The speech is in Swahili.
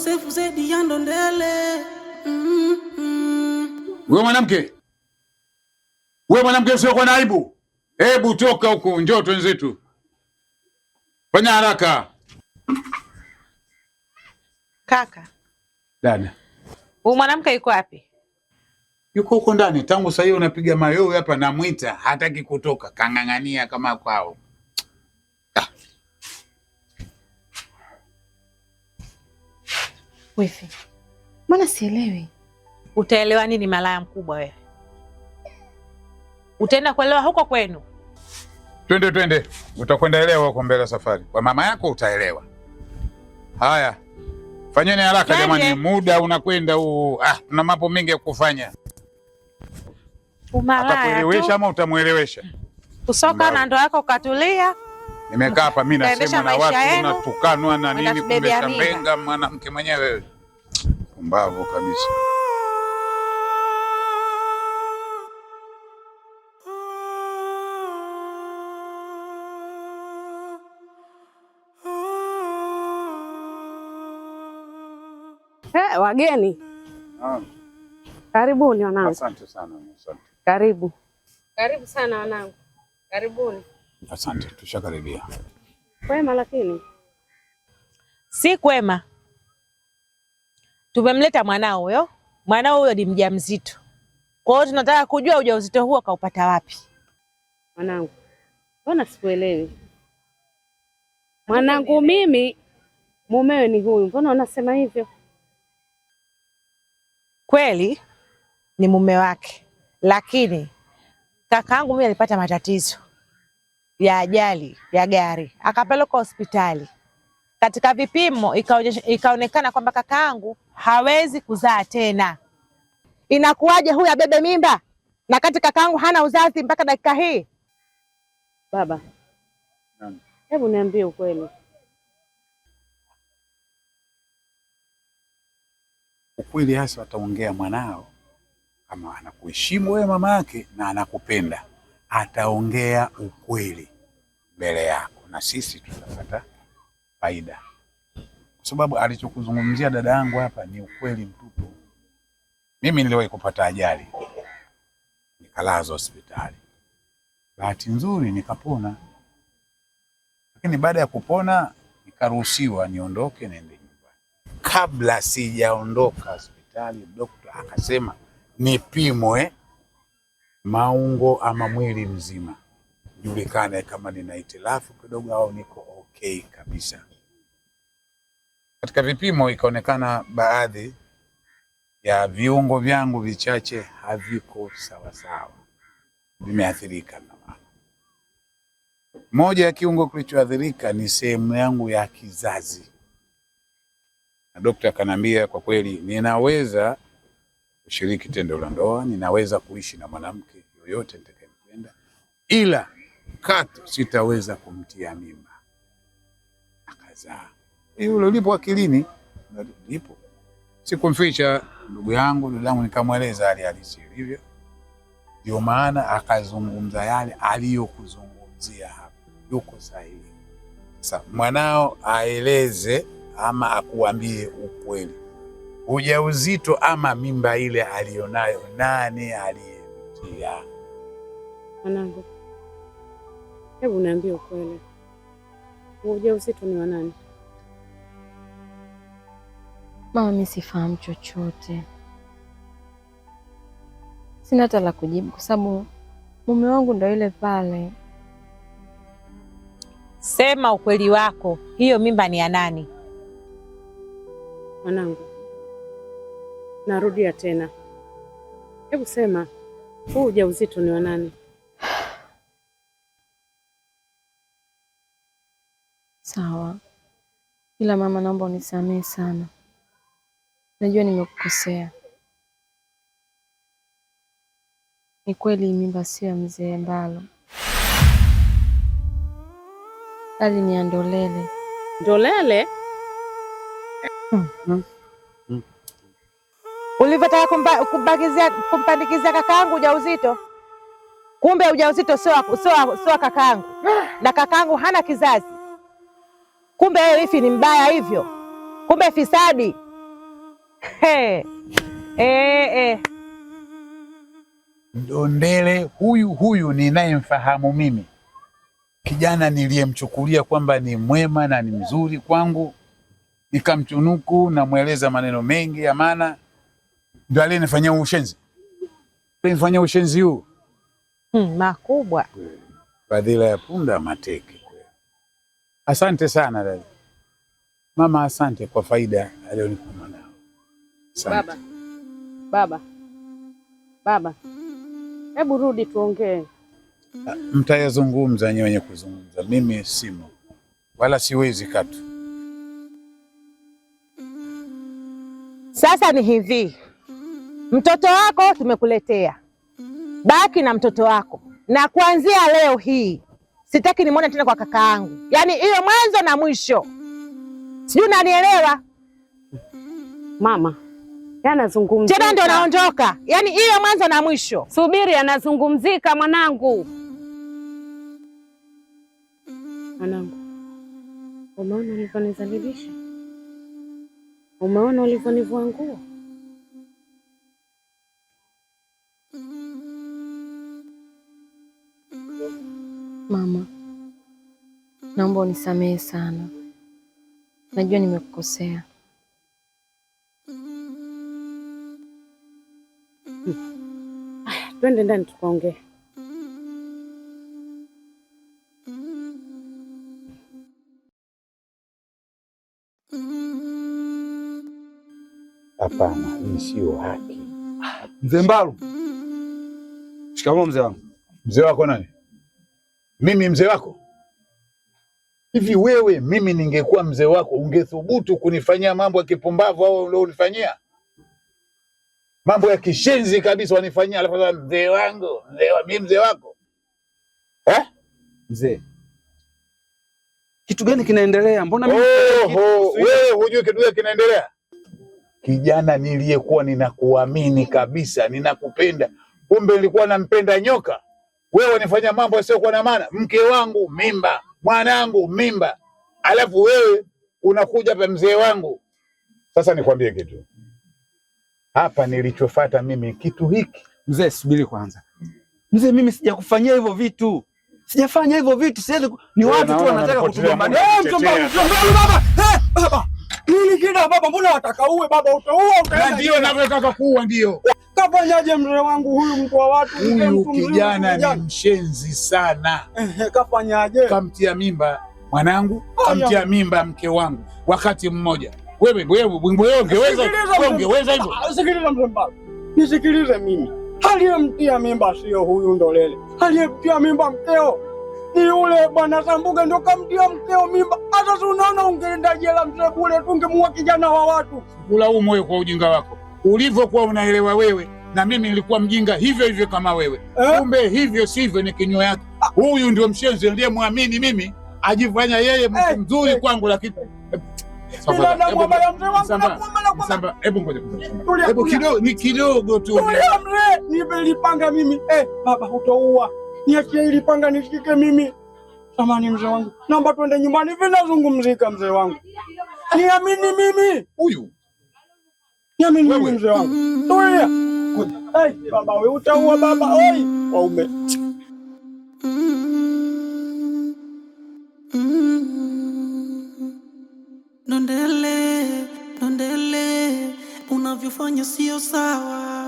ukosefu zaidi ya ndondele. mm -hmm. Wewe mwanamke, wewe mwanamke usiokuwa na aibu, hebu toka huku, njoo twenzetu, fanya haraka kaka. Dada, huyu mwanamke yuko wapi? Yuko huko ndani tangu saa hiyo, unapiga mayowe hapa, namwita hataki kutoka, kang'ang'ania kama kwao. Ah. Wewe mbona sielewi? Utaelewa nini, malaya mkubwa wewe? Utaenda kuelewa huko kwenu. Twende twende, utakwenda elewa huko mbele safari. Kwa mama yako utaelewa. Haya, fanyeni haraka jamani, muda unakwenda huu. Ah, na mambo mengi ya kufanya. Atakuelewesha ama utamwelewesha? Kusoka na ndoa yako ukatulia. Nimekaa hapa mimi nasema na watu unatukanwa na nini, kumbe shambenga mwanamke mwenyewe wewe. Pumbavu kabisa. Eh, wageni Karibuni wanangu. Asante sana, asante. Karibu, karibu sana wanangu, karibuni. Asante, tushakaribia. Kwema lakini si kwema. Tumemleta mwanao huyo, mwanao huyo ni mjamzito, kwa hiyo tunataka kujua ujauzito huo kaupata wapi? Mwanangu, mbona sikuelewi? Mwanangu mimi mumewe ni huyu, mbona unasema hivyo? Kweli ni mume wake, lakini kakaangu mimi alipata matatizo ya ajali ya gari, akapelekwa hospitali. Katika vipimo ikaonekana kwamba kakaangu hawezi kuzaa tena. Inakuwaje huyu abebe mimba na kati kakaangu hana uzazi mpaka dakika hii? Baba, hebu niambie ukweli. Ukweli hasa ataongea mwanao, kama anakuheshimu wewe mama yake na anakupenda, ataongea ukweli mbele yako, na sisi tutapata faida, kwa sababu alichokuzungumzia dada yangu hapa ni ukweli mtupu. Mimi niliwahi kupata ajali nikalazwa hospitali, bahati nzuri nikapona, lakini baada ya kupona nikaruhusiwa niondoke niende nyumbani. Kabla sijaondoka hospitali, dokta akasema nipimwe maungo ama mwili mzima nijulikane kama nina itilafu kidogo au niko okay kabisa. Katika vipimo ikaonekana baadhi ya viungo vyangu vichache haviko sawasawa, vimeathirika. Moja ya kiungo kilichoathirika ni sehemu yangu ya kizazi, na dokta akaniambia, kwa kweli ninaweza kushiriki tendo la ndoa, ninaweza kuishi na mwanamke yoyote nitakayempenda, ila katu sitaweza kumtia mimba. Akazaa. Hilo ulipo akilini, lipo sikumficha ndugu yangu, yangu, nikamweleza hali halisi ilivyo. Ndio maana akazungumza yale aliyokuzungumzia hapa, yuko sahihi. Sasa mwanao aeleze ama akuambie ukweli, ujauzito ama mimba ile aliyonayo, nani aliyemtia mwanangu? Hebu niambie ukweli, ujauzito ni wa nani? Mama, mimi sifahamu chochote, sina hata la kujibu, kwa sababu mume wangu ndo yule pale. Sema ukweli wako, hiyo mimba ni ya nani? Mwanangu, narudia tena, hebu sema, huu ujauzito ni wa nani? Ila mama, naomba unisamehe sana, najua nimekukosea. Ni kweli mimba sio ya mzee Mbalo, bali ni ya Ndolele. Ndolele? mm -hmm. mm. Ulivyotaka kumpandikizia kakaangu ujauzito, kumbe ujauzito sio sio kakaangu, ah. na kakaangu hana kizazi kumbe wewe hivi ni mbaya hivyo, kumbe fisadi. Hey. Hey, hey. Ndondele huyu huyu ninayemfahamu mimi, kijana niliyemchukulia kwamba ni mwema na ni mzuri kwangu, nikamchunuku namweleza maneno mengi ya maana, ndio aliyenifanyia ushenzi, Alinifanyia ushenzi huu hmm, makubwa, fadhila ya punda mateke Asante sana dada mama, asante kwa faida aliyonipa mwanao. Baba, baba, baba, hebu rudi tuongee. Ah, mtayazungumza nyenye kuzungumza, mimi simo wala siwezi katu. Sasa ni hivi, mtoto wako tumekuletea, baki na mtoto wako, na kuanzia leo hii sitaki nimwone tena kwa kaka yangu, yaani hiyo mwanzo na mwisho. Sijui nanielewa mama? Yanazungumzika tena ndio naondoka, yaani hiyo mwanzo na mwisho. Subiri, anazungumzika mwanangu. Mwanangu, umeona ulivyonizalilisha, umeona ulivyonivua nguo naomba unisamehe sana, najua nimekukosea. Hmm. twende ndani tukaongee. Hapana, hii sio haki. Mzee mbalu Shikamoo mzee wangu. Mzee wako nani? Mimi mzee wako? Hivi wewe, mimi ningekuwa mzee wako, ungethubutu kunifanyia mambo ya kipumbavu au ulionifanyia mambo ya kishenzi kabisa wanifanyia, alafu sasa mzee wangu, mzee wa, mimi mzee wako eh? Mzee kitu gani kinaendelea? Mbona mimi wewe hujui kitu gani kinaendelea? Kijana niliyekuwa ninakuamini kabisa, ninakupenda, kumbe nilikuwa nampenda nyoka. Wewe wanifanyia mambo yasiyokuwa na maana. Mke wangu mimba mwanangu mimba, alafu wewe unakuja pa mzee wangu. Sasa nikwambie kitu hapa, nilichofata mimi kitu hiki. Mzee subiri kwanza, mzee, mimi sijakufanyia hivyo vitu, sijafanya hivyo vitu, siwezi. Ni watu tu wanataka kutugombana. Eh, eh, Nini kina baba, mbona wataka uwe baba, utaua? Ndio navyotaka kuua, ndio Kafanyaje mzee wangu huyu, mtu wa watu, huyu kijana ni mshenzi sana. Kafanyaje? Kamtia mimba mwanangu, kamtia mimba mke wangu wakati mmoja. Wewe wewe wewe ungeweza ungeweza hivyo? Sikiliza mzee wangu, nisikilize mimi. Aliyemtia mimba sio huyu Ndolele, aliyemtia mimba mkeo ni yule bwana Sambuge, ndio kamtia mkeo mimba. Hata si unaona, ungeenda jela mzee kule, tungemua kijana wa watu. Kulaumu moyo kwa ujinga wako ulivyokuwa unaelewa wewe, na mimi nilikuwa mjinga hivyo hivyo kama wewe. Eh? Kumbe hivyo sivyo, ni kinywa yake. Ah. Huyu ndio mshenzi niliyemwamini mimi, ajifanya yeye eh, mtu mzuri eh. kwangu, lakini hebu kidogo, ni kidogo tu nimelipanga mimi. Eh, baba hutoua, niachie ilipanga nishike mimi. Samani mzee wangu, naomba twende nyumbani, vinazungumzika mzee wangu, niamini mimi huyu mimi ni mzee wangu. Mm-hmm. Tulia. Ai, baba wewe utaua baba. Oi, mm-hmm. waume. Mm-hmm. Nondele, nondele, unavyofanya sio sawa.